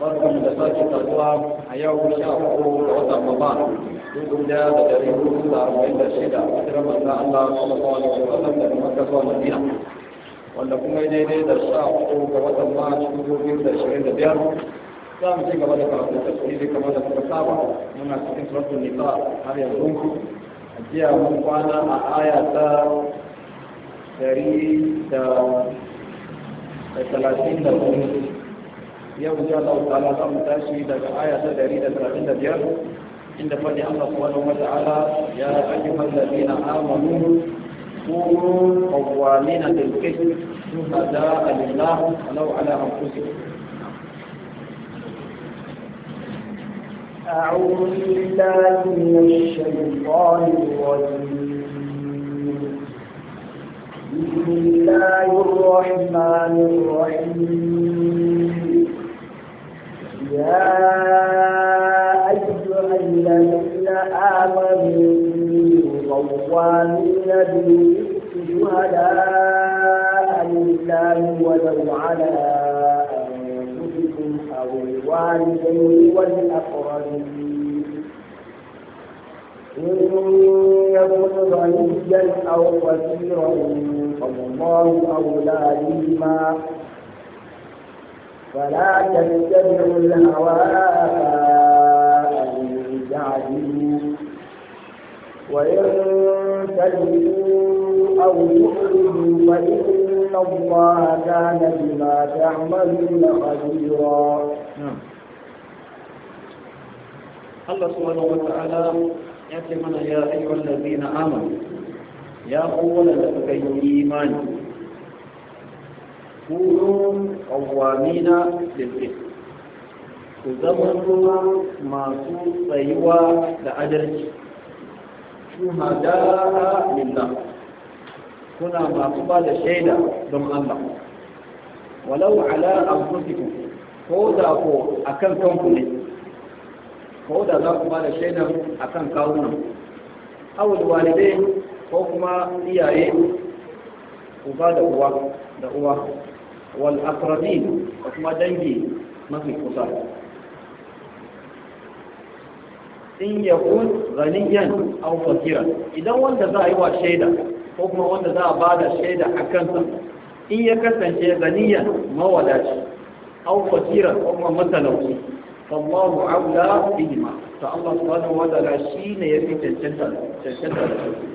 barkan da sake taruwa a yau sha uku ga watan Ramadan duk da da dare hudu da arba'in da shida kira manzo Allah sallallahu alaihi wasallam da Makka ko Madina wanda kuma ya daidai da sha uku ga watan Maris dubu biyu da ashirin da biyar za mu ci gaba da karatu tafsiri kamar da kuka saba muna cikin suratul nisa har yanzu a jiya mun kwana a aya ta dari da talatin da hudu yau insha Allah ta'ala za mu tashi daga aya ta 135 inda fadi Allah subhanahu wa ta'ala ya ayyuhal ladina amanu كونوا قوامين بالقسط شهداء لله ولو على انفسكم أعوذ بالله من الشيطان الرجيم بسم الله وليا أو وزيرا فالله أولى بهما فلا تتبعوا الهوى أن تعدلوا وإن تجدوا أو تؤمنوا فإن الله كان بما تعملون خبيرا نعم. الله سبحانه وتعالى يأتي يا أيها الذين آمنوا يا أولا لك الإيمان كونوا قوامين بالقسط كزمتم ما تصيوا لأدرك شهداء لله كنا ما تبال شيدا دم الله ولو على أنفسكم فوضا فو أكن كنكم فوضا ذاكم بال شيدا أكن كاونا أو الوالدين ko kuma iyaye uba da uwa da uwa wal aqrabin da kuma dangi mafi kusa in yakun ghaniyan aw fakiran idan wanda za a yi wa shaida ko kuma wanda za a ba da shaida a kansa in ya kasance ghaniyan mawadaci aw fakiran ko kuma matalauci fallahu aula bihima to Allah subhanahu wa ta'ala shine yafi cancanta cancanta da su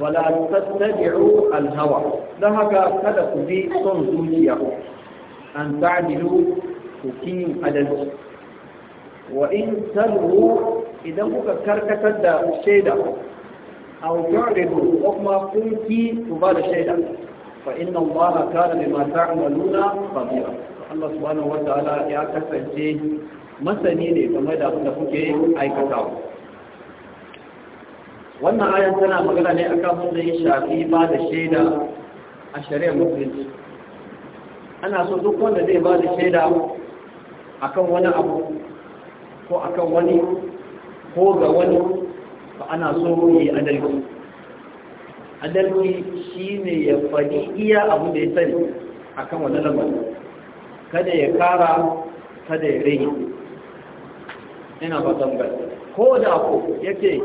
ولا تتبعوا الهوى ذهب كذا كبي صن زوجيه أن تعملوا تكين عدل وإن تلو إذا بك كركت دا أو تعرضوا أقما كنتي تبال الشيدة فإن الله كان بما تعملون خبيرا الله سبحانه وتعالى يعتقد جيه مثلا نيني فماذا أقول لكم أي كتاب wannan ayan tana magana ne akan wanda ya shafi ba da shaida a shari'ar musulunci ana so duk wanda zai ba da shaida a kan wani abu ko a kan wani ko ga wani ba ana so yi adalci adalci shi ne ya faɗi iya abu da ya sani kan wani lamarin kada ya kara kada ya rage ina ba tambar ko da ko yake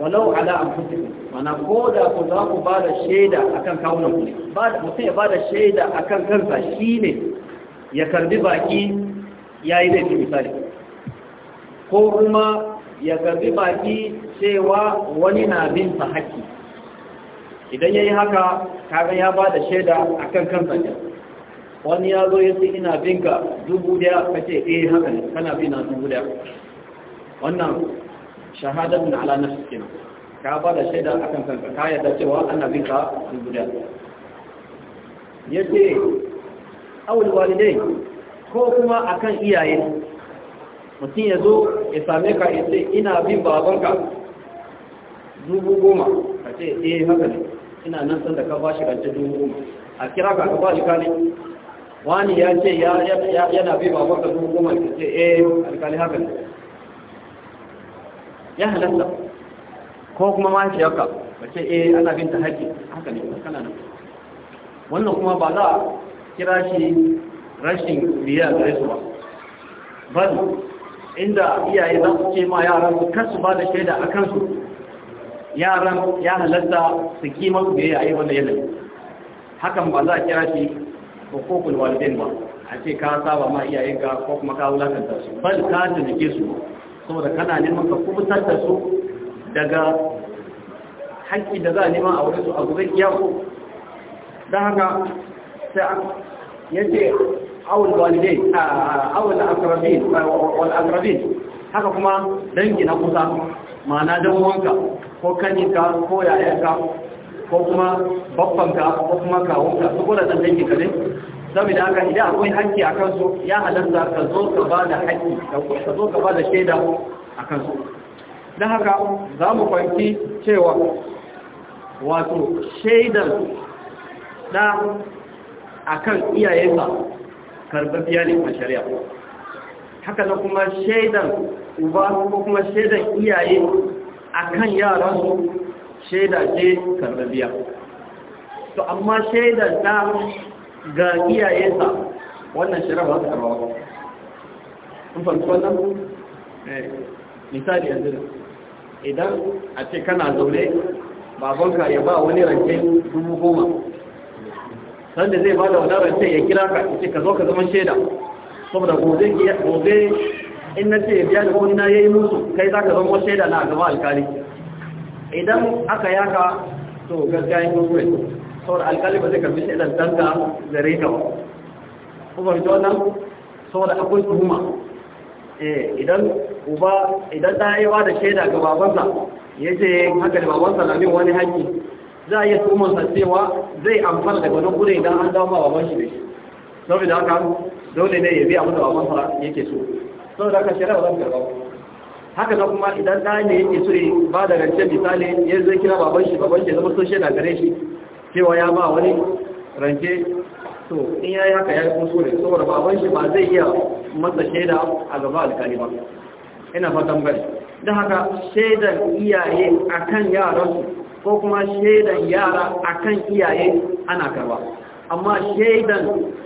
walau ala anfusikum mana ko da ku za ku ba da shaida akan kawunan ku ba da mutum ya ba da shaida akan kansa shine ya karbi baki yayi da misali ko kuma ya karbi baki cewa wani na bin sa haƙƙi idan yayi haka kaga ya ba da shaida akan kansa ne wani ya zo ya ce ina binka dubu daya kace eh haka ne kana bina dubu daya wannan shahadatun ala nafsi kenan ka ba da shaida akan kanka ka yarda cewa ana bin ka guda yace awul walidai ko kuma akan iyaye mutum ya zo ya same ka ya ce ina bin babanka dubu goma ka ce eh haka ne ina nan san da ka ba shi rance dubu goma a kira ka ka ba shi kane wani ya ce yana bin babanka dubu goma ka ce eh alkali haka ne ya halatta ko kuma Ba ce eh ana binta haƙƙi haka ne kana nan wannan kuma ba za a kira shi rashin biya da su ba bal inda iyaye za su ce ma yaran su kasu ba da shaida a kansu yaran ya halatta su kima su biya a wannan yanayi hakan ba za a kira shi hukukul walidin ba a ce ka saba ma iyayenka ko kuma ka wulakanta su bal ka tunake su saboda kana neman ka kubutar da su daga haƙƙi da za a neman a wurin su a gobe iyako don haka sai ya ce awul walidai awul akrabin haka kuma dangi na kusa ma'ana don wanka ko kaninka ko yayanka ko kuma babbanka ko kuma kawunka su kula dangi ka ne saboda haka idan akwai haƙƙi a kansu ya halatta ka zo ka ba da haƙƙi ka zo ka ba da shaida a kansu don haka za mu kwanci cewa wato shaidar da a kan iyayensa karbabiya ne a shari'a haka na kuma shaidar uba ko kuma shaidar iyaye a kan yaransu shaida ce karbabiya to amma shaidar da ga iyayensa wannan shari'a ba su karba ba kun fahimci wannan eh, misali yanzu idan a ce kana zaune babanka ya ba wani rance dubu goma sanda zai ba da wani rance ya kira ka ce ka zo ka zama shaida saboda gobe gobe in na ce biya da wani na ya yi musu kai za ka zama shaida na gaba alkali idan aka yaka to gaskiya yin saboda alkali ba zai karbi shaidar danka da reka ba kuma ita wannan saboda akwai tuhuma eh idan uba idan ta haiwa da shaida ga babansa ya ce haka da babansa na min wani haƙƙi za a iya tuhumarsa cewa zai amfana daga wani gure idan an dawo ma baban shi da saboda haka dole ne ya bi abin da babansa yake so saboda haka shaida ba za ta haka na kuma idan ɗaya ne yake so ba da rance misali ya zai kira baban shi baban shi zama so shaida gare shi cewa ya ba wani rance to in ya yi haka ya yi sore saboda baban shi ba zai iya masa shaida a gaba alkali ba ina fatan gari da haka shaidan iyaye a kan yaransu ko kuma shaidan yara a kan iyaye ana karba amma shaidan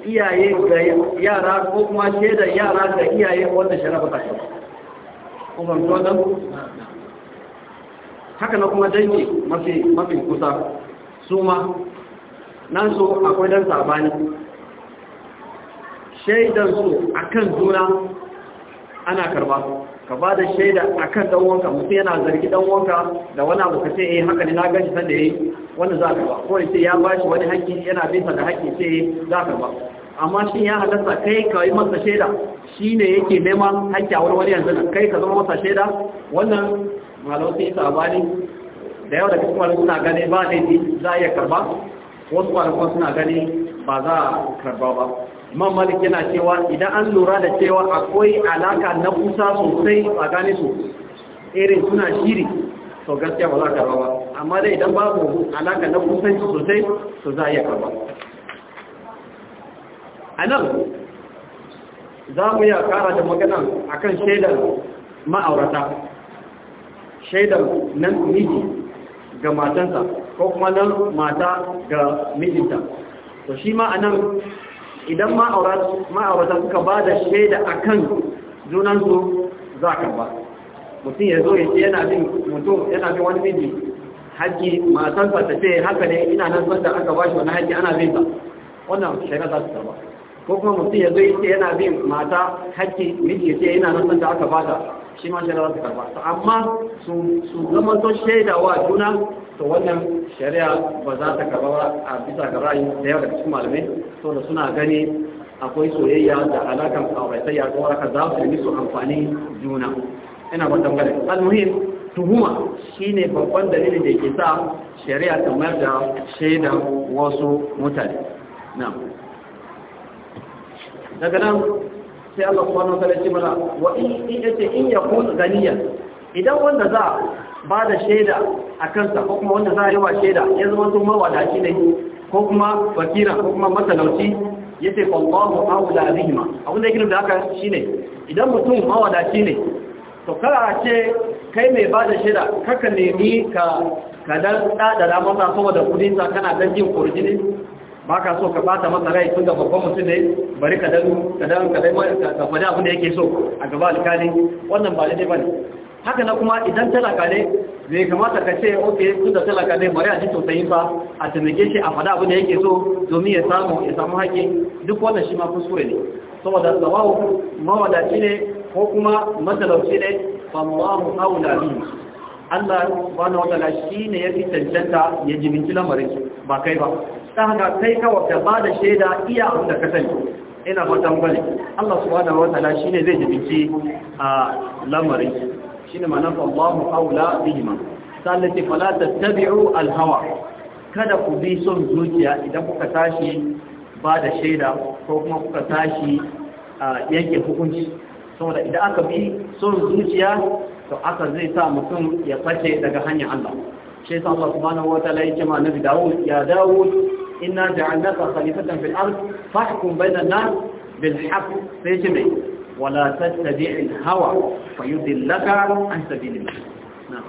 iyaye ga yara ko kuma shaidan yara ga iyaye wanda sharafa ta karba kuma to dan haka na kuma dangi mafi kusa su ma nan su akwai dan sabani shaidan su akan juna ana karba ka ba da shaida akan dan wanka mutum yana zargi dan wanka da wani abu ka ce eh haka ne na gashi san da yayi wanda za ka ba ko sai ya ba shi wani haƙƙi yana bisa da haƙƙi sai eh, za ka ba amma shi ya halatta kai ka yi masa shaida shi ne yake neman haƙƙi a wani wani yanzu kai ka zama masa shaida wannan malautai sabani da yau da cikin wani suna gani ba yi za a iya karba wasu kwanakon suna gani ba za a karba ba imam malik yana cewa idan an lura da cewa akwai alaka na kusa sosai a gane su irin suna shiri to gaskiya ba za a karba ba amma dai idan babu alaka na kusanci sosai to za a iya karba a nan za mu iya kara da magana akan shaidar ma'aurata shaidar nan miji ga matansa ko kuma nan mata ga mijinta to shi ma anan idan ma'aurata suka ba da shaida a kan junansu za ka ba mutum ya zo ya ce yana bin mutum yana bin wani miji haƙƙi matansa ta ce haka ne ina nan sanda aka ba shi wani haƙƙi ana bin sa wannan shaida za su ba ko kuma mutum ya zo ya ce yana bin mata haƙƙi miji ya ce ina nan sanda aka ba ta shi ma shari'a ta karba to amma su zama to shaida wa juna to wannan shari'a ba za ta karba ba a bisa ga ra'ayi da yawa daga cikin malamai to da suna gani akwai soyayya da alakan auratayya ko haka za su yi su amfani juna ina ba tambaya almuhim tuhuma shine babban dalilin da ke sa shari'a ta mayar da shaida wasu mutane na daga nan sai Allah subhanahu ya ce mana wa in yace in yakun ganiya idan wanda za ba da shaida a kansa ko kuma wanda za a yi wa shaida ya zama tun mawadaci ne ko kuma fakira ko kuma matalauci ya ce aula bihima abin da yake da haka shine idan mutum mawadaci ne to a ce kai mai ba da shaida kaka nemi ka ka dan dadara masa saboda kudin sa kana dan jin kurjini ba ka so ka bata masa rai tun da babban mutum ne bari ka dan ka dan ka dai ka abin da yake so a gaba alkali wannan ba da bane haka na kuma idan talaka ne zai kamata ka ce okay tun da talaka ne bari a ji tausayi ba a taimake shi a faɗa abin da yake so domin ya samu ya samu haƙƙi duk wannan shi ma kuskure ne saboda tsawawo mawadaci ne ko kuma matalauci ne ba mawamu da biyu Allah subhanahu wa ta'ala shine ya fi cancanta ya jiminci lamarin ba kai ba ta haka kai kawai da ba da shaida iya abin da ka sani ina fatan bane Allah subhanahu wa ta'ala shine zai jibinci a lamarin shine ma'anar Allahu aula bihima sallati fala tattabi'u al-hawa kada ku bi son zuciya idan kuka tashi ba da shaida ko kuma kuka tashi yanke hukunci saboda idan aka bi son zuciya to aka zai sa mutum ya face daga hanyar Allah shi yasa Allah subhanahu wa ta'ala ce ma Nabi Dawud ya Dawud inna ja'alnaka khalifatan fil ard fahkum bainan nas bil haqq sayjmi wa la tattabi' al hawa fayudillaka an sabilillah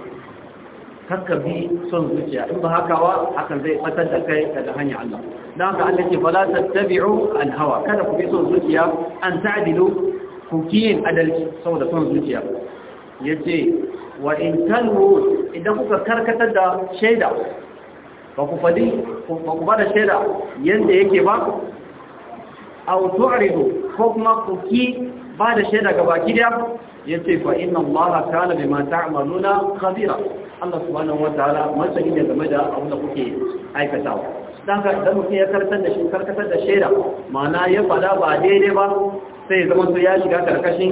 haka bi son zuciya in ba haka wa hakan zai fatar da kai daga hanyar Allah dan haka Allah ce fala tattabi'u al hawa kada ku bi son zuciya an ta'dilu ku kiyin adalci saboda son zuciya yace wa in talu idan kuka karkatar da shaida ba ku faɗi, ba ku bada shaida yadda yake ba a tu'ridu ko kuma ku ki ba da shaida ga baki da yace fa inna allaha kana bima ta'maluna khabira Allah subhanahu wataala masani ne game da abin da kuke aikatawa dan ka dan mutum ya karkatar da shi karkatar da shaida ma'ana ya fada ba daidai ba sai ya zama to ya shiga karkashin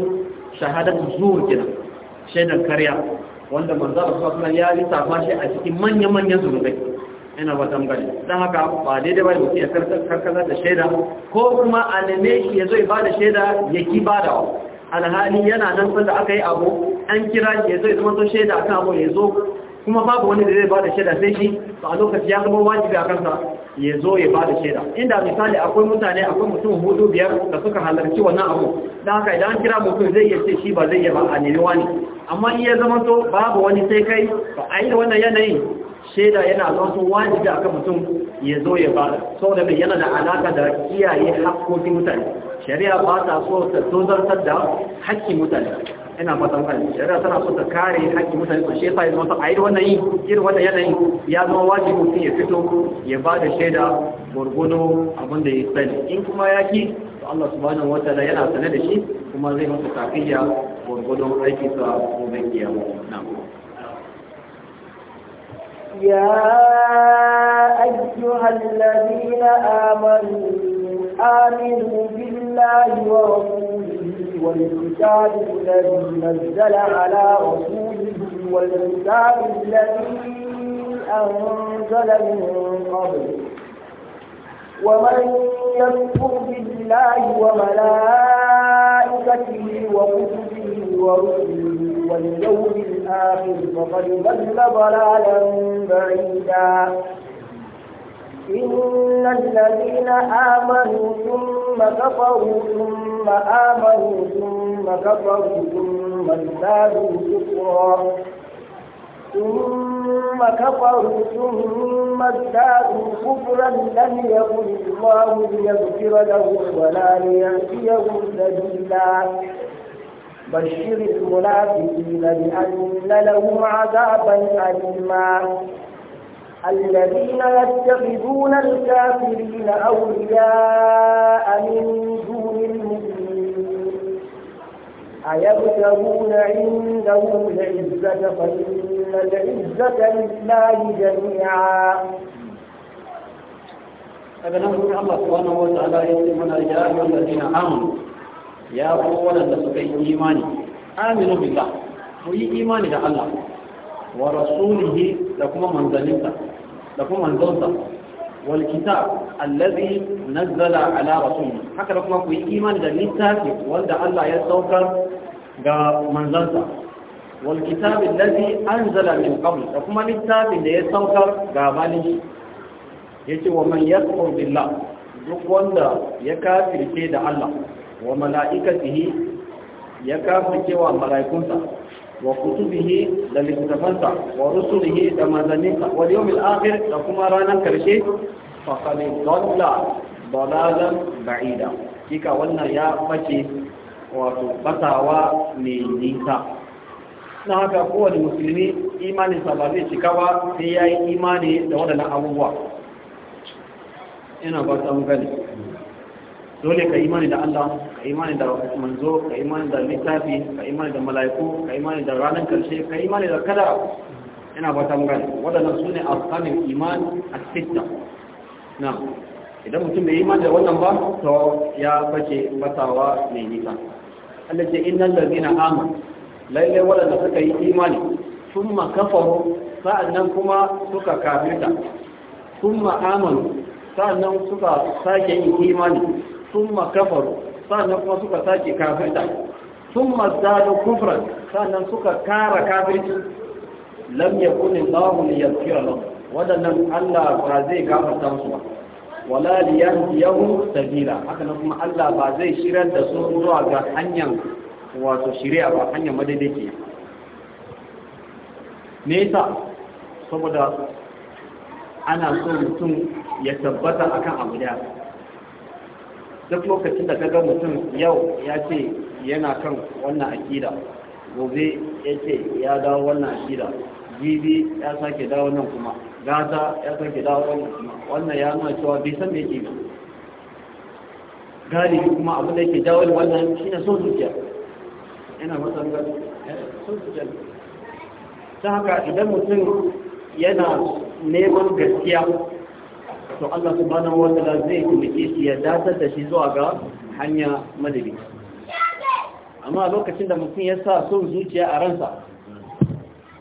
shahadatu zuwa kenan shaidan karya wanda manzo Allah subhanahu wataala ya lissafa shi a cikin manyan manyan zunubai ina wata gani don haka ba daidai ba da mutu ya karkasa da shaida ko kuma a neme shi ya zo ya ba da shaida ya ki ba da alhali yana nan sanda aka yi abu an kira shi ya zo ya shaida akan abu ya zo kuma babu wani da zai bada da shaida sai shi ba a lokaci ya zama wajibi a kansa ya zo ya ba da shaida inda misali akwai mutane akwai mutum hudu biyar da suka halarci wannan abu don haka idan kira mutum zai iya ce shi ba zai yaba ba a nemi wani amma in zama to babu wani sai kai ba a yi da wannan yanayin sheda yana zama wajibi akan mutum ya zo ya ba saboda mai yana da alaka da kiyaye hakkokin mutane shari'a ba ta so ta tozartar da haƙƙi mutane ina fatan kan shari'a tana so ta kare haƙƙi mutane ko shi yasa yanzu a ayi wannan yi irin wannan yanayin ya zama wajibi mutum ya fito ya ba da shaida gurguno abin da ya sani in kuma ya ki to Allah subhanahu wataala yana sane da shi kuma zai masa tafiya gurguno aikinsa gobe kiyama na'am يا أيها الذين آمنوا آمنوا بالله ورسوله والكتاب الذي نزل على رسوله والكتاب الذي أنزل من قبل ومن يكفر بالله وملائكته وكتبه ورسله واليوم الآخر فقد ضل ضلالا بعيدا إن الذين آمنوا ثم كفروا ثم آمنوا ثم كفروا ثم ازدادوا كفرا ثم كفروا ثم ازدادوا كفرا لم يكن الله ليغفر لهم ولا ليهديهم سبيلا بشر المنافقين بأن لهم عذابا أليما الذين يتخذون الكافرين أولياء من دون المؤمنين أيبتغون عندهم العزة فإن إن العزة لله جميعا daga nan kuma Allah ya ce mana ya ayyuhal ladina amanu ya ku wadanda suka yi imani aminu billah ku yi imani da Allah wa rasulihi da kuma manzonsa wal kitab allazi nazzala ala rasulihi haka da kuma ku yi imani da littafi wanda Allah ya sauka ga manzansa wal kitab allazi anzala min qabl da kuma littafin da ya saukar gabanin ya ce wa man yakfur billah duk wanda ya kafirce da Allah wa mala'ikatihi ya kafirce wa mala'ikunsa wa kutubihi da littafansa wa rusulihi da manzanninsa wa yawmil akhir da kuma ranar karshe faqad dhalla dalalan ba'ida kika wannan ya fashe wato batawa mai nisa na haka kowane musulmi imanin ba zai cika ba sai ya yi imani da waɗannan abubuwa ina ba samun gani dole ka imani da Allah ka imani da manzo ka imani da littafi ka imani da mala'iku ka imani da ranar karshe ka imani da kada. ina ba samun gani waɗannan su ne alƙanin iman a sita na idan mutum bai imani da wannan ba to ya bace basawa mai nisa Allah ce inna lalzina amur lalle waɗanda suka yi imani sun makafaru sa'annan kuma suka kafirta sun ma'amalu sa'annan suka sake yi imani sun makafaru sa'annan kuma suka sake kafirta sun mazdado kufran sa'annan suka kara kafirci lamya kuni Allahu liyaghfira nan. Waɗannan Allah ba zai gafata musu ba wala yahu sabila haka nan kuma Allah ba zai shirar da su zuwa ga hanyar wato shirya ba hanyar madaidaiciya me yasa saboda ana so mutum ya tabbata akan abu da duk lokacin da kaga mutum yau ya ce yana kan wannan akida gobe ya ce ya dawo wannan akida jibi ya sake dawo nan kuma gata ya sake dawo wannan kuma wannan ya nuna cewa bai san da yake ba galibi kuma abin da yake dawo wannan shine son zuciya yana matsan eh, sun ta haka idan mutum yana neman gaskiya to Allah subhanahu wa ta'ala zai kumike shi ya datar da shi zuwa ga hanya madadi amma lokacin da mutum ya sa son zuciya a ransa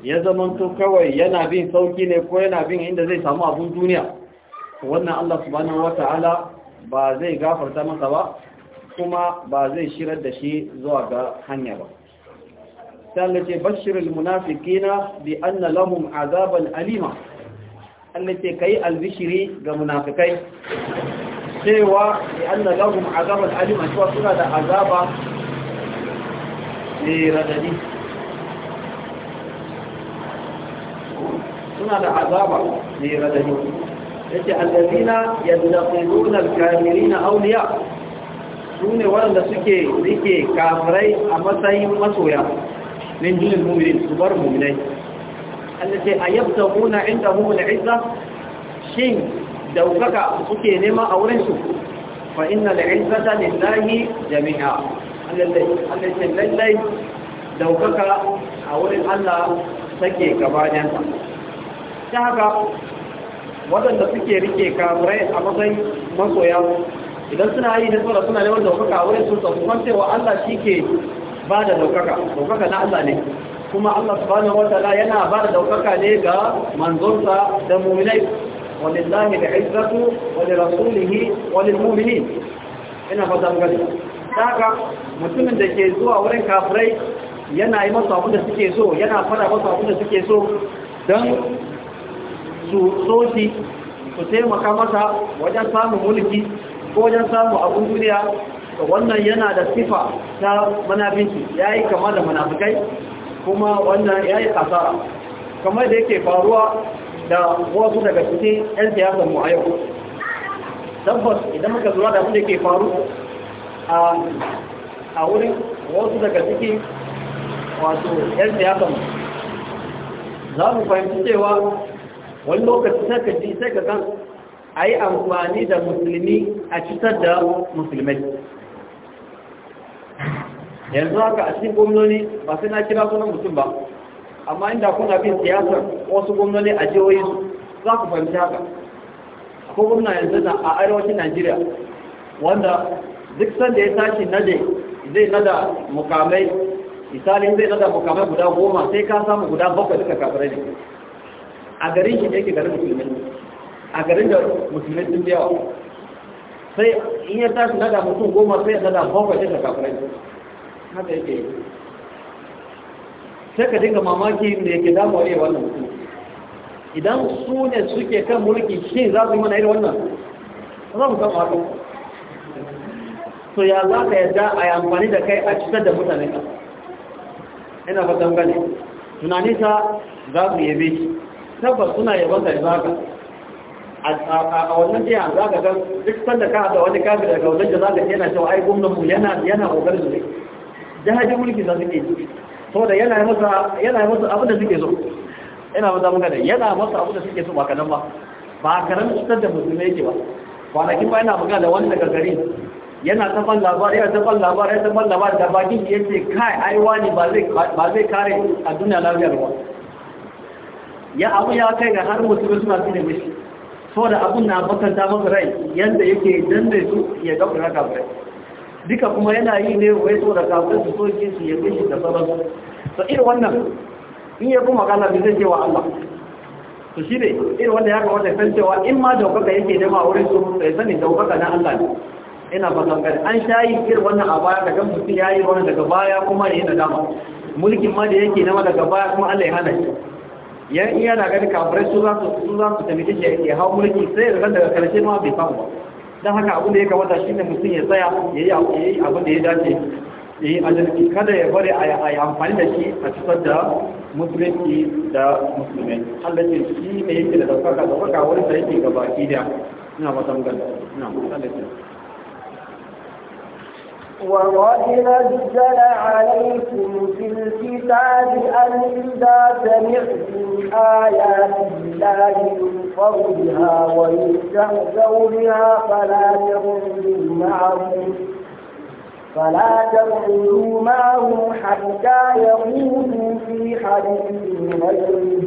ya zamanto kawai yana bin sauki ne ko yana bin inda zai samu abun duniya wannan Allah subhanahu ala ba zai gafarta masa ba kuma ba zai shirar da shi zuwa ga hanya ba sai ce bashirul munafikina bi anna lahum azaban alima Allah ce kai albishiri ga munafikai cewa bi anna lahum azaban alima cewa suna da azaba ne radadi suna da azaba ne radadi yace allazina yadqiluna alkafirina awliya sune wanda suke rike kafirai a matsayin masoya min jilin mu'minin su bar mu'minai Allah ce a yabta kuna inda mu'min izza shin daukaka suke nema a wurin su fa inna al-izzata lillahi jami'a Allah ce lallai a wurin Allah ta haka waɗanda suke rike kamurai a matsayin masoya idan suna yi da suna neman daukaka a wurin su tsakuwan cewa Allah shi ke ba da daukaka daukaka na Allah ne kuma Allah subhanahu wataala yana ba da daukaka ne ga manzonsa da mu'minai walillahi al-izzatu wa li rasulihi wa lil mu'minin ina fata mun gani daga mutumin da ke zuwa wurin kafirai yana yi masa abin da suke so yana fara masa abin da suke so Dan su so shi su taimaka masa wajen samun mulki ko wajen samun abin duniya wannan yana da sifa ta ya yi kama da manafikai kuma wannan ya yi kasara kamar da yake faruwa da wasu daga cikin 'yan siyasar mu a yau tabbas idan muka zuwa da abin da ke faru a wurin wasu daga cikin wato 'yan siyasar mu za mu fahimci cewa wani lokaci sai ka ji sai ka kan a yi amfani da musulmi a cutar da musulmai yanzu haka a cikin gwamnoni ba sai na kira sunan mutum ba amma inda kuna bin siyasar wasu gwamnoni a jihohi za ku fahimci haka ko gwamna yanzu na a arewacin najeriya wanda duk sanda ya tashi nade zai nada mukamai misali zai nada mukamai guda goma sai ka samu guda bakwai duka kafirai ne a garin shi yake garin musulmi a garin da musulmi sun biyawa sai in ya tashi nada mutum goma sai ya nada bakwai duka kafirai haka yake sai ka dinga mamaki da yake damu a wannan mutum idan su ne suke kan mulki shi za su yi mana irin wannan za mu kama ko so ya za ka yadda a yi amfani da kai a cutar da mutane ka ina fatan dangane tunanin ta za su yabe shi tabbas suna yabon da za ka a wannan jiya za ka ga duk sanda ka haɗa wani kafin daga wajen da za ka yana cewa ai gwamnan mu yana yana ƙoƙarin da jihajin mulki za su ke yi saboda yana masa masu da suke so yana masa muka da yana masa abin suke so ba ba a karar cutar da musulmai yake ba kwanakin ba yana magana da wani daga gari yana tafan labar ya yana ta ban labari yana tafan ban da bakin ya ce kai ai wani ba zai kare a duniya lafiyar ba ya abu ya kai ga har musulmi suna su da mishi saboda abun na bakanta masu rai yadda yake danda su ya gaɓar haka rai duka kuma yana yi ne wai so da kafin su soke su yabe shi da sauran to irin wannan in ya kuma magana bai zai cewa Allah to shi ne irin wanda ya kamata san cewa in ma daukaka yake nema wurin su sai sani daukaka na Allah ne ina fatan kai an shayi irin wannan a baya daga mutum ya yi wannan daga baya kuma ya yi nadama mulkin ma da yake nama daga baya kuma Allah ya hana shi yan iya na gani kafirai su za su su za su tafi shi ya hau mulki sai daga daga karshe ma bai samu ba don haka abin da ya kamata shi ne mutum ya tsaya ya yi abin da ya dace ya yi adalci kada ya bari a yi amfani da shi a cikin da musulunci da musulmi allah shi ne yake da ɗaukaka ɗaukaka wani da yake gaba ki da ina matan ganda ina matan da وقد نزل عليكم في الكتاب أن إذا سمعتم آيات الله ينفر بها ويستهزأ بها فلا تغلوا معهم فلا تغلوا معهم حتى يقولوا في حديث غيره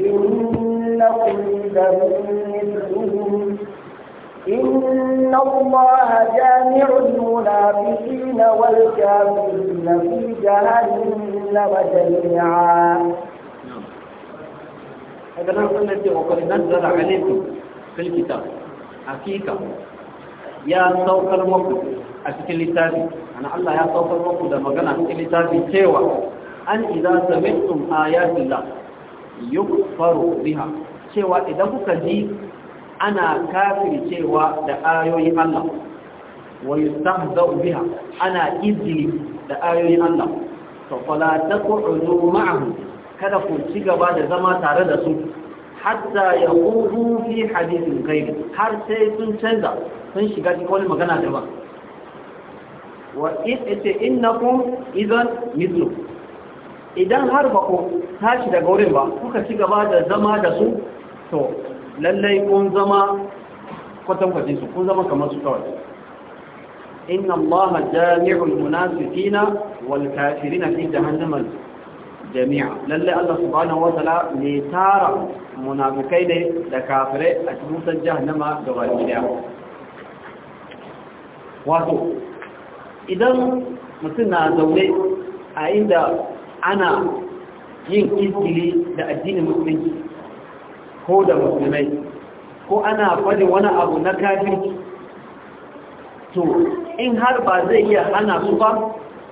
إنكم لمن مثلهم إن الله جامع المنافقين والكافرين في جهنم جميعا هذا لا يقول وقد نزل عليكم في الكتاب حقيقة يا سوق الموقف أشكل التابي أنا الله يا سوق الموقف ده مقالة أشكل التابي كيوة أن إذا سمعتم آيات الله يكفر بها كيوة إذا كنت ana cewa da ayoyin Allah wa yustahza'u biha ana izini da ayoyin Allah to fala taq'udu ma'ahu kada ku ci gaba da zama tare da su hatta yaqudu fi hadithin ghaib har sai sun canza sun shiga cikin wani magana ba wa ita innakum idan mithlu idan har ba ku tashi daga wurin ba kuka ci gaba da zama da su to lallai kun zama kwatankwacin su kun zama kamar su kawai inna allaha jami'ul munafiqina wal kafirina fi jahannama jami'a lallai allah subhanahu wataala ne tara munafikai ne da kafirai a cikin wutar jahannama gaba daya wato idan mutum na zaune a inda ana yin izgili da addinin musulunci ko da musulmai ko ana faɗi wani abu na kafirci to in har ba zai iya hana su ba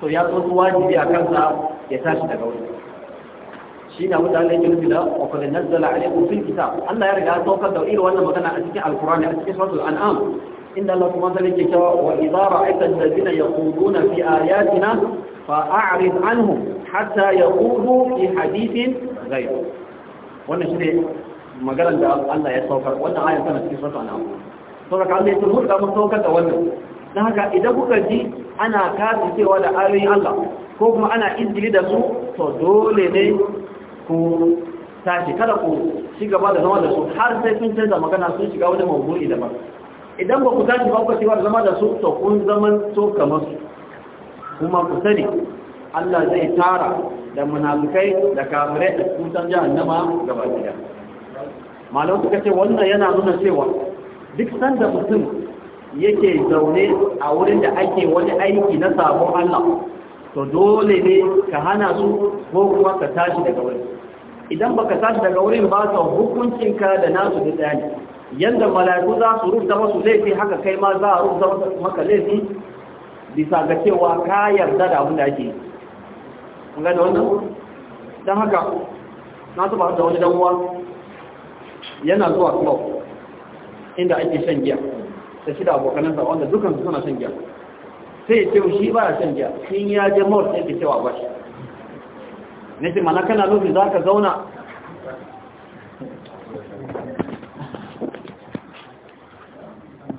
to ya zo wajibi a kansa ya tashi daga wani shi na mutane yake nufi da wakwai nazzala alaikum fil kitab Allah ya riga ya saukar da irin wannan magana a cikin alkurani a cikin suratul an'am inda Allah kuma zai yake cewa wa idza ya alladhina yaquluna fi ayatina fa'arid anhum hatta yaqulu fi hadisin ghayr wannan shine maganar da Allah ya saukar wannan ayar tana cikin sura an'am saboda Allah ya turhuda mun saukar da wannan dan haka idan kuka ji ana kafi cewa da ayoyin Allah ko kuma ana injili da su to dole ne ku tashi kada ku ci gaba da zama da su har sai kun canza magana sun shiga wani mawdu'i ba. idan ba ku tashi ba ku ci da zama da su to kun zaman to kamar su kuma ku sani Allah zai tara da munafikai da kafirai da kutan jahannama gaba ɗaya malamu suka ce wannan yana nuna cewa duk sanda mutum yake zaune a wurin da ake wani aiki na sabon Allah to dole ne ka hana su ko kuma ka tashi daga wurin idan baka tashi daga wurin ba ka ka da nasu da tsaya yanda mala'iku za su rubuta masu laifi haka kai ma za a rubuta maka laifi bisa ga cewa ka yarda da abin da ake yi. Kun gane wannan? Don haka, na su ba da wani damuwa yana zuwa club inda ake shan giya da shi da abokanansa wanda dukan su suna shan giya sai ce shi ba ya shan giya sun ya je mort sai ke cewa ba shi ne ce mana kana nufi za ka zauna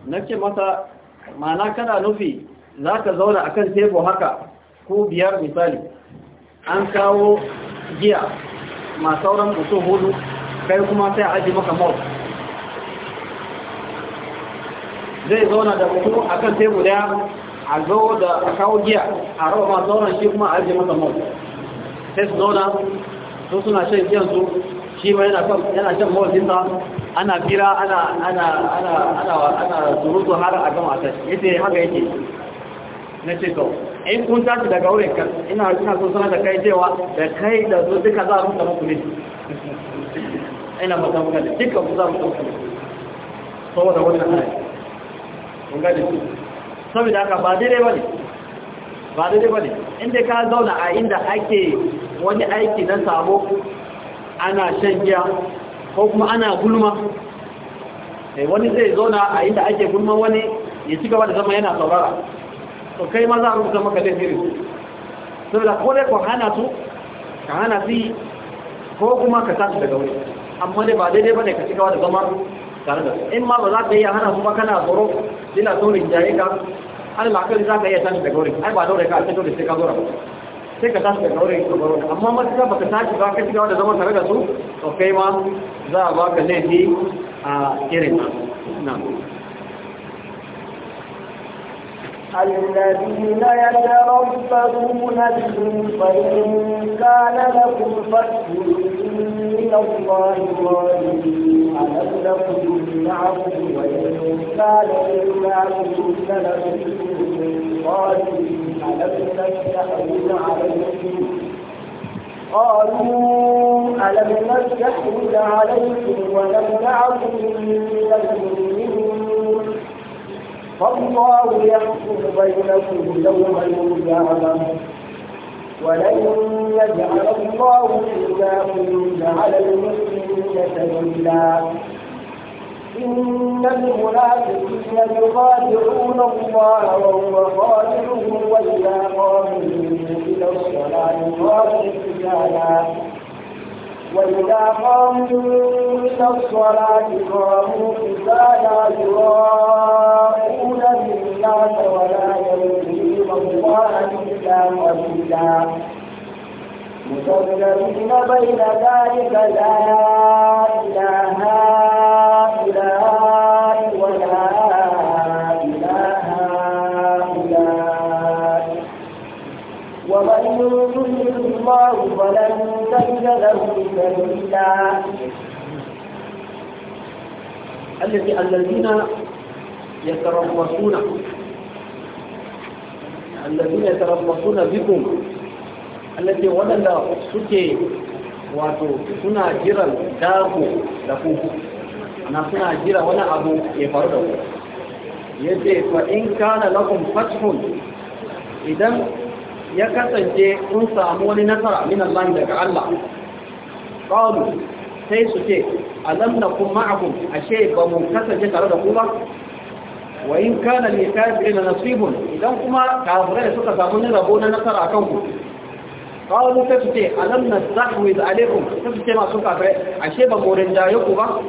na ce masa mana kana nufi za ka zauna akan tebo haka ko biyar misali an kawo giya ma sauran mutum hudu kai kuma sai a aji maka mall zai zauna da mutum a kan tebur daya a zo da a kawo giya a raba ma zaunan shi kuma a aji maka mall sai su zauna su suna shan giyan su shi ma yana shan mall dinsa ana bira ana ana ana ana ana surutu har a gama ta yace haka yake na ce to in kun tashi daga wurin kan ina ina so sanar da kai cewa da kai da su duka za a rubuta muku ne ina mata muna da dukkan ku za mu kuma da saboda wannan hali kun gane su saboda haka ba daidai ba ne ba daidai ba ne inda ka zauna a inda ake wani aiki na sabo ana shan giya ko kuma ana gulma eh, wani zai zauna a inda ake gulma wani ya ci gaba da zama yana saurara to kai ma za a rubuta maka laifin saboda ko dai ko hana su ka hana su ko kuma ka tashi daga wuri amma ne ba daidai bane ka cikawa da zama tare da in ma ba za ka iya hana kuma kana tsoro dina saurin jaye ka Allah kai za ka iya tashi daga wurin ai ba daure ka sai dole sai ka zora sai ka tashi daga wurin ka zora amma matuƙa baka tashi ba ka cikawa da zama tare da su to kai ma za a ba baka laifi a irin na الذين يتربصون بهم فإن كان لكم فتح من الله ظالمين ألم لكم معهم وإن كان معكم سلف ظالمين ألم تستحوذ عليكم قالوا ألم نستحوذ عليكم ونمنعكم من فالله يحكم بينكم يوم القيامة ولن يجعل الله إيمانهم على المسلمين سبيلا إن المنافقين يخادعون الله وهو خادعهم وإذا قاموا إلى الصلاة قاموا وإذا قاموا إلى الصلاة قاموا كسالى يراءون الناس ولا يؤذيهم الله إلا قليلا مسببين بين ذلك لا إله إلا تجد له سبيلا الذي الذين يتربصون الذين يتربصون بكم التي ولد سكي wato suna jiran dako da ku na suna jira wani abu ya faru da ku yace fa in kana lakum fathun idan ya kasance kun samu wani nasara min Allah daga Allah qalu sai su ce alam nakum ma'akum ashe ba mu kasance tare da ku ba wa in kana lil kafirin nasibun idan kuma kafirai suka samu ni rabo na nasara akan ku qalu sai su ce alam nastahwiz alaikum sai su ce ma sun kafirai ashe ba mu rinjaye ku ba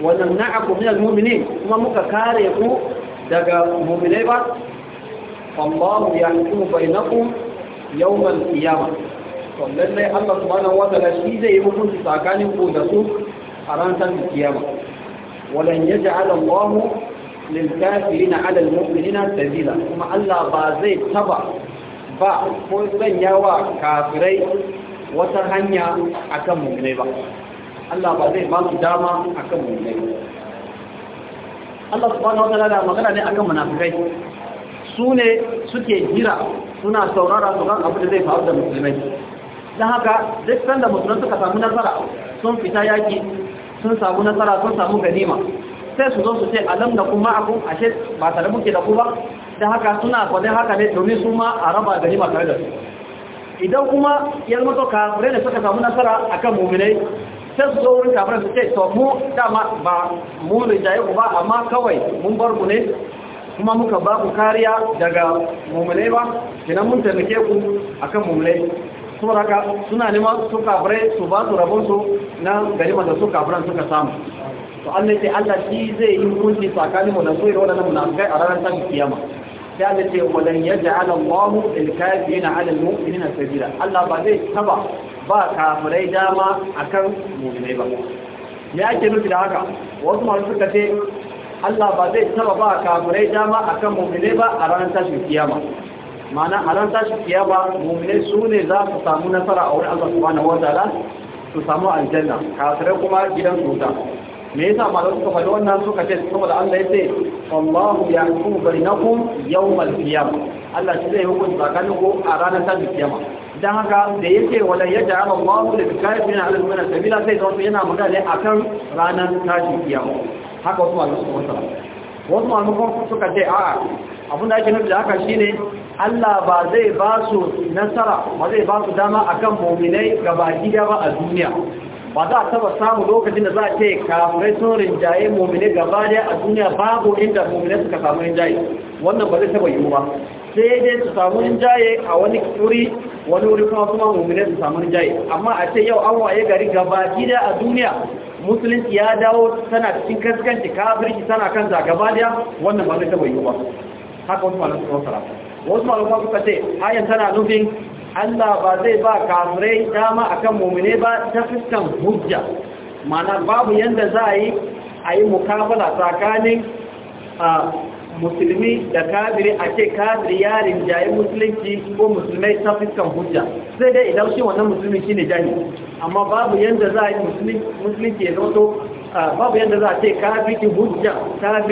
wa namna'akum min almu'minin kuma muka kare ku daga mu'minai ba ya فالله يحكم بينكم yawmal qiyama to lallai Allah subhanahu wa ta'ala shi zai yi hukunci tsakanin ku da su a ran san kiyama walan yaj'al Allah lil na 'ala al mu'minina sabila kuma Allah ba zai taba ba ko sanya wa kafirai wata hanya akan mu'minai ba Allah ba zai ba su dama akan mu'minai Allah subhanahu wa da magana ne akan munafikai su ne suke jira suna saurara su kan abu da zai faru da musulmai da haka duk sanda musulmai suka samu nasara sun fita yaki sun samu nasara sun samu ganima sai su zo su ce alam da kuma a ce ba tare muke da ku ba da haka suna kwadai haka ne domin su ma a raba ganima tare da su idan kuma yan mato kafirai da suka samu nasara akan muminai sai su zo wurin kafirai su ce to mu dama ba mu rijaye ku ba amma kawai mun bar ku ne kuma muka ba ku kariya daga mummunai ba Kina mun taimake ku akan mummunai sun raka suna neman su kafirai su ba su rabonsu na garima da su kafiran suka samu to Allah ce Allah shi zai yi hukunci tsakanin mu da su irin wannan munafikai a ranar tashin kiyama sai Allah ce wa lan yaj'al Allahu lil kafirina 'ala al mu'minina sabila Allah ba zai taba ba kafirai dama akan mu'minai ba me ake nufi da haka wasu masu suka ce Allah ba zai taba ba kafirai dama akan mu'mine ba a ranar tashi kiyama ma'ana a ranar tashin kiyama mu'mine su ne za su samu nasara a wurin Allah subhanahu wataala su samu aljanna kafirai kuma gidan tuta me yasa malam suka faɗi wannan suka ce saboda Allah yace wallahu yahkum bainakum yawmal qiyamah Allah shi zai hukunta tsakanin ku a ranar tashi kiyama dan haka da yake wala yadda Allah da kafirin alal mu'minin sabila sai zama yana magana akan ranar tashi kiyama haka wasu malamu suka masara wasu malamai suka ce a abinda ake nufi da haka shine Allah ba zai ba su nasara ba zai ba su dama kan bominai gaba gida ba a duniya ba za a taba samu lokacin da za a ce kafirai sun rinjaye mummune gaba daya a duniya babu inda mummune suka samu rinjaye wannan ba zai taba yiwu ba sai dai su samu rinjaye a wani wuri wani wuri kuma kuma mummune su samu rinjaye amma a ce yau an waye gari gaba gida a duniya musulunci ya dawo tana cikin kaskanci kafirci tana kan zagaba da wannan ba zai taba yi ba haka wasu malamai sun fara wasu malamai suka ce ayan tana nufin Allah ba zai ba kafirai dama a kan mu'mine ba ta fuskan hujja mana babu yanda za a yi a yi mukabala tsakanin musulmi da kafiri a ce kafiri ya rinjaye musulunci ko musulmai ta fuskan hujja sai dai idan shi wannan musulmi shine jani amma babu yanda za a yi musulunci ya zato babu yanda za a ce kafiri hujja ta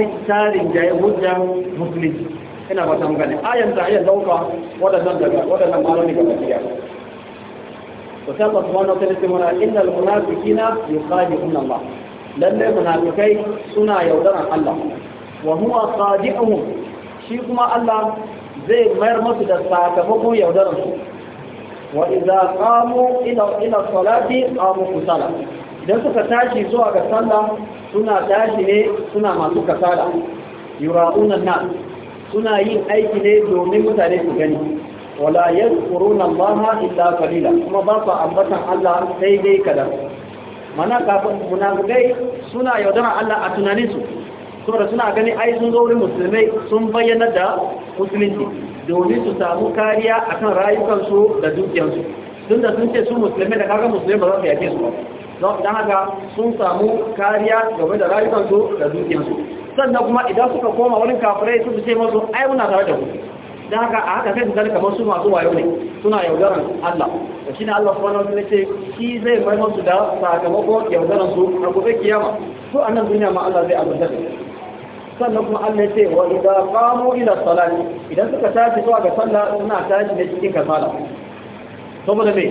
rinjaye hujja musulunci ina ba ta magana ayan da ayan dauka wadannan daga wadannan malami ga bakiya to sai Allah subhanahu wa ta'ala ya mana innal munafiqina yuqadi'una Allah lalle munafikai suna yaudaran Allah wa huwa sadiquhum shi kuma Allah zai mayar musu da sakamakon yaudarar su wa idza qamu ila ila salati qamu kusala idan suka tashi zuwa ga sallah suna tashi ne suna masu kasala yura'una nas suna yin aiki ne domin mutane su gani wala yadhkuruna Allah illa qalila kuma ba su ambatan Allah sai dai kadan mana kafin munafikai suna yaudarar Allah a tunaninsu da suna ganin ai sun zo wurin musulmai sun bayyana da musulunci domin su samu kariya a kan rayukansu da dukiyarsu tun da sun ce su musulmai da kaga musulmai ba za su yake su ba don haka sun samu kariya game da rayukansu da dukiyarsu sannan kuma idan suka koma wani kafirai su ce masu ai muna tare da ku don haka a haka sai su zane kamar su masu wayo ne suna yaudaran Allah da shi ne Allah su wani wani ce shi zai mai masu da sakamakon yaudaran a gobe kiyama ko a nan duniya ma Allah zai azurta da sannan kuma Allah ya ce wa idza qamu ila salati idan suka tashi zuwa ga sallah suna tashi ne cikin kasala saboda me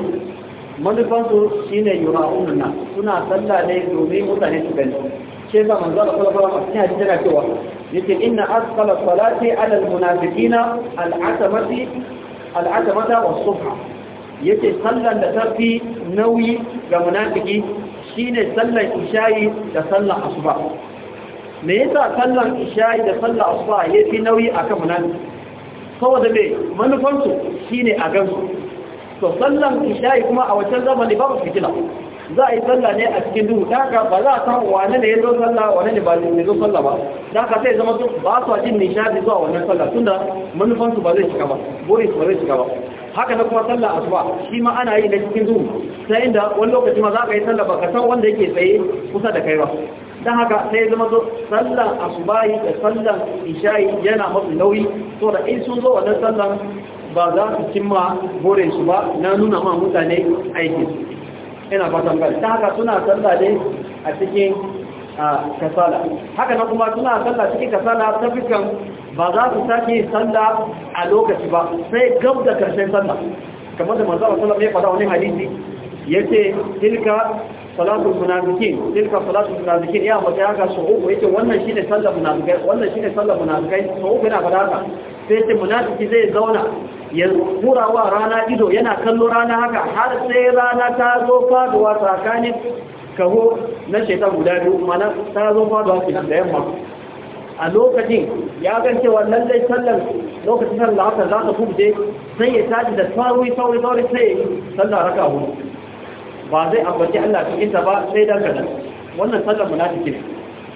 manufan su shine yura'un nan suna sallah ne domin mutane su gani ce ba manzo Allah sallallahu alaihi wasallam ya jira cewa yace inna asqala salati ala almunafiqina al'atamati al'atamata was-subha yace sallan da tafi nauyi ga munafiki shine sallan isha'i da sallan asuba me yasa sallan isha'i da sallar asuba yafi nauyi akan nan saboda me manufansu shine a gan su. to sallan isha'i kuma a wancan zamani babu fitila za a yi sallah ne a cikin duhu Da ba za a san wane ne ya zo sallah wane ne ba ne zo sallah ba da haka sai zama ba su a jin nishadi zuwa wannan sallah tunda manufansu ba zai shiga ba burin su ba zai shiga ba haka na kuma sallah asuba shi ma ana yi na cikin duhu sai inda wani lokaci ma za ka yi sallah ba ka san wanda yake tsaye kusa da kai ba dan haka sai ya zama sallan asubahi da sallan isha'i yana mafi nauyi to da in sun zo wa wannan sallan ba za su cimma burin su ba na nuna ma mutane aikin ina fatan gari ta haka suna sallah ne a cikin kasala haka na kuma suna sallah cikin kasala ta fiskan ba za su sake sallah a lokaci ba sai gab da karshen sallah kamar da manzo Allah sallallahu alaihi wasallam wani hadisi ya ce tilka salatul munafikin tilka salatul munafikin ya mutu ya ga sau uku yace wannan shine sallar munafikai wannan shine sallar munafikai sau uku yana fada haka sai ce munafiki zai zauna ya wa rana ido yana kallo rana haka har sai rana ta zo faduwa tsakanin kaho na shekar guda biyu mana ta zo faduwa kenan da yamma a lokacin ya gan cewa lallai sallar lokacin sallar za ta kubde sai ya tashi da sauri sauri sauri sai sallar raka hudu ba zai ambaci Allah su ita ba sai dan kada wannan sallar munafiki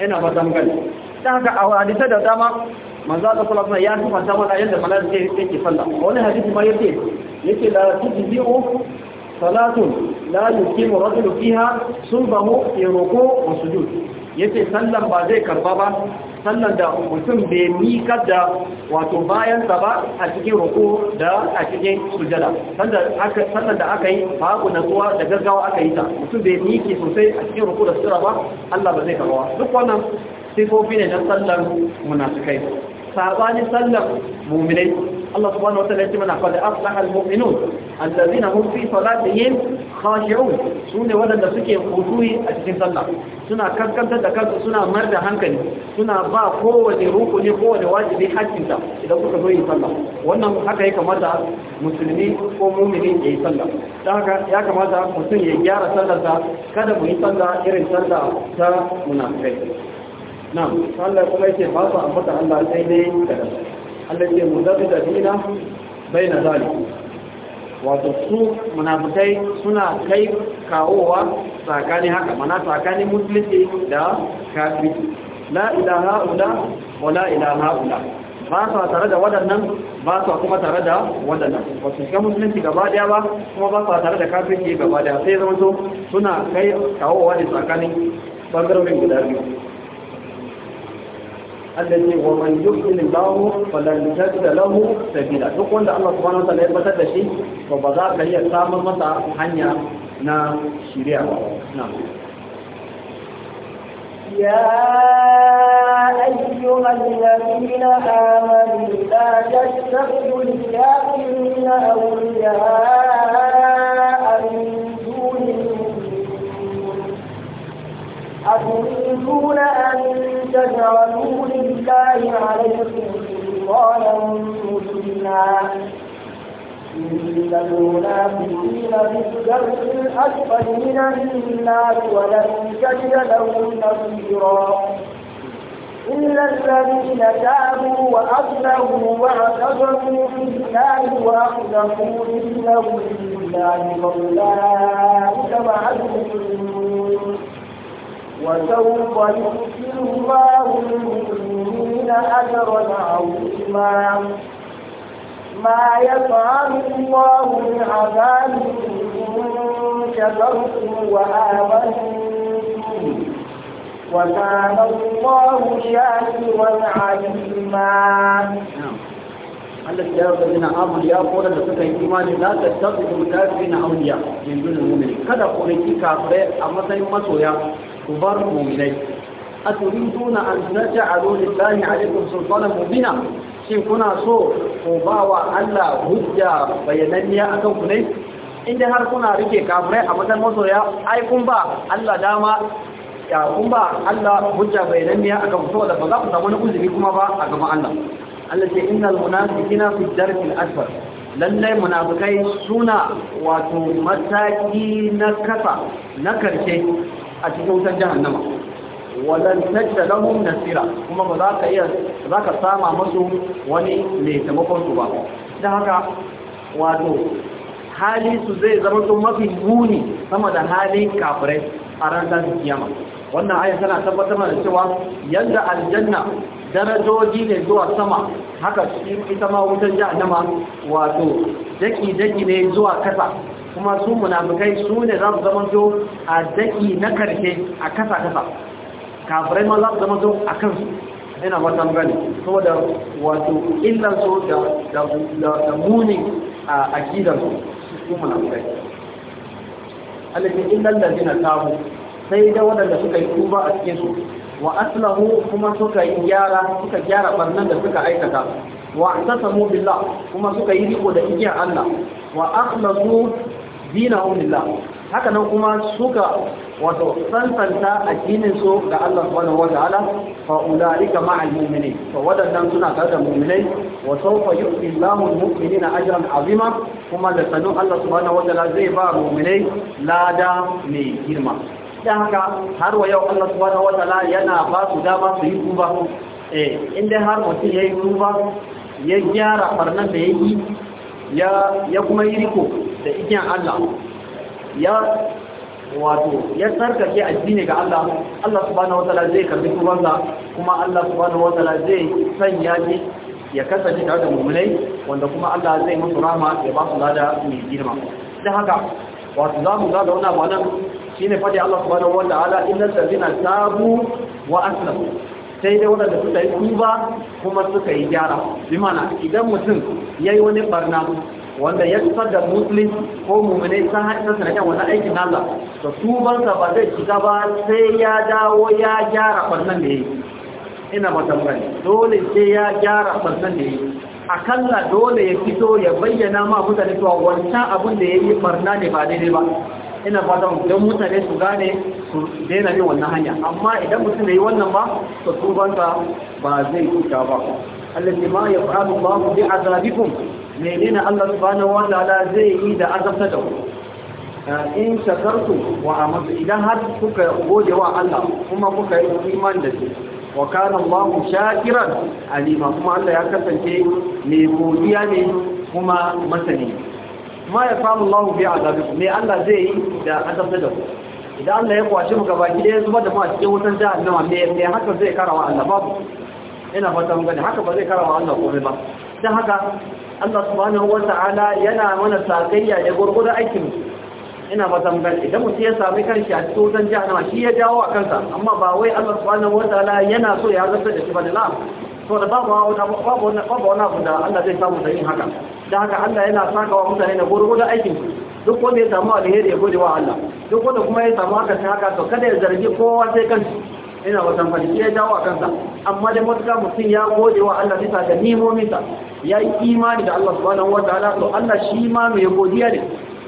ina ba zan gani dan haka a hadisi da dama manzo Allah sallallahu alaihi wasallam ya tafata mana yadda malaikai yake sallah wani hadisi ma yake yake la tujzi'u salatun la yuqimu rajulu fiha sunbahu yuruku wa sujud yace sallan ba zai karba ba Sannan da mutum bai mikar da wato bayansa ba a cikin roƙo da a cikin sujada sannan da aka yi babu natsuwa da gaggawa aka yi ta mutum bai miki sosai a cikin roƙo da sura ba Allah ba zai karuwa duk wannan sifofi ne na sannan munafikai sabanin sallar mu'minai Allah subhanahu wataala ya ce mana qad aflaha almu'minun allazina hum fi salatihim khashi'un sune wadanda suke khushu'i a cikin sallah suna kankantar da kansu suna mar da hankali suna ba kowace rukuni kowace wajibi hakkinta idan kuka zo yin sallah wannan haka ya kamata musulmi ko mu'mini ya yi sallah dan haka ya kamata mutum ya gyara sallarsa kada mu yi sallah irin sallah ta munafikai na Allah kuma yake ba su ambata Allah sai dai kada Allah yake muzabi da dina bai na zali wato su munafikai suna kai kawowa tsakanin haka mana tsakanin musulunci da kafiri la ilaha ula wa la ilaha ula ba su tare da waɗannan ba su kuma tare da waɗannan ba su musulunci gaba daya ba kuma ba su tare da kafirci gaba daya sai zama suna kai kawowa ne tsakanin bangarorin guda biyu الذي ومن يؤمن الله فلن تجد له سبيلا duk wanda Allah subhanahu wataala ya batar da shi to ba za ka iya samun masa hanya na shiriya ba na'am يا أيها الذين آمنوا لا تتخذوا الكافرين أولياء من أتريدون أن تجعلوا لله عليكم سلطانا مبينا إن المنافقين في الدرك الأسفل من النار ولن تجد لهم نصيرا إلا الذين تابوا وأصلحوا واعتصموا بالله وأخلصوا دينهم لله فأولئك مع المؤمنين وسوف يؤتي الله المؤمنين أجرا عظيما ما يفعل الله بعذابكم إن كفرتم وآمنتم وكان الله شاكرا عليما Allah ya yarda ina amul ya koran da suka yi imani la ta tabu na awliya yanzu ne mu'mini kada ku riki kafirai a matsayin masoya ubar muminai a turiduna an naj'alu lillahi alaikum sultanan mubina shin kuna so ko ba wa Allah hujja bayananniya akan ku ne inda har kuna rike kafirai a matan masoya ai kun ba Allah dama ya kun ba Allah hujja bayananniya akan ku saboda ba za ku samu wani uzuri kuma ba a gaba Allah Allah ce innal munafiqina fi darkil asfal lallai munafikai suna wato mataki na kasa na karshe a cikin wutar jahannama walan tajda lahum nasira kuma ba za ka iya za ka sama musu wani mai taimakon su ba dan haka wato hali su zai zama to mafi muni sama da halin kafirai a ran kiyama wannan aya tana tabbatar da cewa yadda aljanna darajoji ne zuwa sama haka ita ma wutar jahannama wato daki daki ne zuwa kasa kuma su munafikai su ne za su zama to a daki na karshe a kasa kasa kafirai ma za su zama to a kansu ina matan gani saboda wato illan illansu da muni a akidansu su munafikai alifin illan da zina tabu sai da waɗanda suka yi tuba a cikinsu wa aslahu kuma suka yi gyara suka gyara barnan da suka aikata wa tasamu billah kuma suka yi riko da igiyar Allah wa akhlasu dina unillah haka nan kuma suka wato sansanta addinin su ga Allah subhanahu wataala fa ulaika ma'al mu'minin to wadannan suna tare da mu'minai wa sawfa yu'ti Allahu al-mu'minina ajran 'azima kuma da sanin Allah subhanahu wataala zai ba mu'minai lada mai girma dan haka har wa yau Allah subhanahu wataala yana ba su dama su yi tuba eh inda har mutum yayi tuba ya gyara farnan da yayi ya ya kuma yi riko da ikin Allah ya wato ya sarkake addini ga Allah Allah subhanahu wataala zai karbi tubansa kuma Allah subhanahu wataala zai sanya shi ya kasance tare da mummunai wanda kuma Allah zai musu rahama ya ba su lada mai girma da haka wato za mu ga da wannan wannan shine fadi Allah subhanahu wataala innal ladina tabu wa aslamu sai dai wanda suka yi tuba kuma suka yi gyara bi ma'ana idan mutum yayi wani barna wanda ya fitar da muslim ko mummune san haɗin kyan wannan aikin Allah to tubansa ba zai shiga ba sai ya dawo ya gyara farnan da ya yi ina matambari dole sai ya gyara farnan da ya yi akalla dole ya fito ya bayyana ma mutane cewa wancan abin da ya yi farna ne ba daidai ba ina fatan don mutane su gane su daina yin wannan hanya amma idan mutum da yi wannan ba to tubansa ba zai kuka ba Allah ma ya fa'alu ba bi azabikum menene Allah subhanahu wa ta'ala zai yi da azabta da ku in shakartu wa amatu idan har kuka gode wa Allah kuma kuka yi iman da shi wa kana Allahu shakiran alima kuma Allah ya kasance mai godiya ne kuma masani ma ya famu Allahu bi azabikum me Allah zai yi da azabta da ku idan Allah ya kwace mu gaba ki da zuba da mu a cikin wutan jahannama me me haka zai karawa Allah babu ina fata mun gani haka ba zai karawa Allah komai ba dan haka Allah subhanahu wata'ala yana mana sakayya da gurgurda aikin ina fatan gan idan mutum ya sami karshe a cikin wutan jahannama shi ya jawo a kansa amma ba wai Allah subhanahu wata'ala yana so ya zartar da shi ba da na'am to da babu wani abu babu wani babu wani abu da Allah zai samu da yin haka dan haka Allah yana saka wa mutane na gurgurda aikin duk wanda ya samu alheri ya gode wa Allah duk wanda kuma ya samu haka sai haka to kada ya zargi kowa sai kanshi ina watan fadi ya dawo a kansa amma da matuƙa mutum ya gode wa Allah bisa ga nimominsa ya yi imani da Allah subhanahu wataala to Allah shi ma mai godiya ne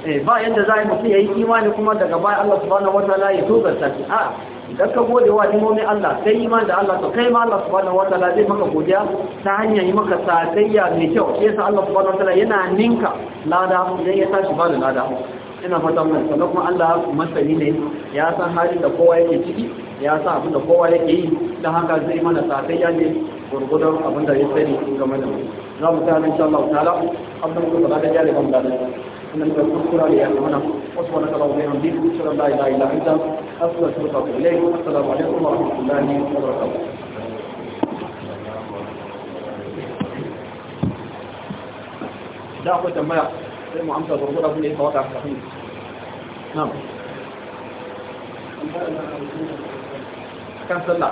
eh, ba yadda za a yi mutum ya yi imani kuma daga baya Allah subhanahu wataala ya tozarta shi a idan ka gode wa limomin Allah sai imani da Allah to kai ma Allah subhanahu wataala zai maka godiya ta hanyar yi maka sakayya mai kyau sai sa Allah subhanahu wataala yana ninka lada idan ya tashi ba da lada ina fata mai sannan kuma Allah masani ne ya san halin da kowa yake ciki ya san abin da kowa yake yi don haka zai mana sakayya ne gurgudan abin da ya sani game da za mu ta insha Allah ta'ala abin da ba da jaliban da إن الكفر عليه أمنا وسبحانك اللهم وبحمدك أشهد أن لا إله إلا أنت أستغفرك وأتوب إليك السلام عليكم ورحمة الله وبركاته da akwai tambaya sai mu amsa gurgura abin da ya kawata a kafin nan kan sallah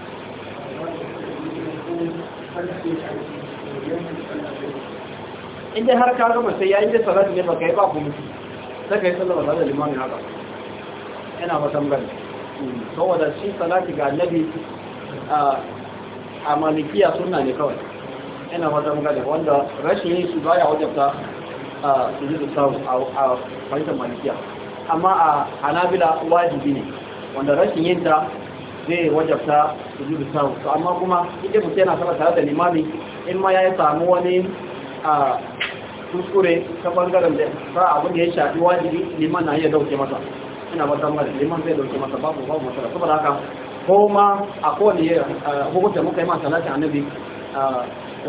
inda har ka gama sai yayin da salat ne ka yi ba ku mutu sai kai sallama da limamin haka yana matambari saboda shi salati ga annabi a malikiya suna ne kawai yana da wanda rashin yin su ya wajabta su ji samu a fahimtar malikiya amma a hanabila wajibi ne wanda rashin yin ta zai wajabta su ji bisahu to amma kuma ita mutum yana sama tare da limami in ma ya yi samu wani a kuskure ta bangaren da ba abin da ya shafi wajibi liman na iya dauke masa ina ba da liman zai dauke masa babu babu masala saboda haka ko ma a kowane hukunta muka yi ma salatin annabi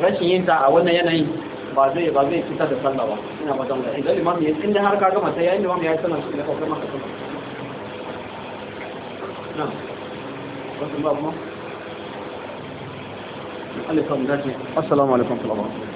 rashin yin ta a wannan yanayin ba zai ba zai fitar da sallah ba ina ba da idan liman ya inda har ka gama sai yayin liman ya yi sallah shi ne kawai maka sallah na'am رحمه الله السلام عليكم ورحمة الله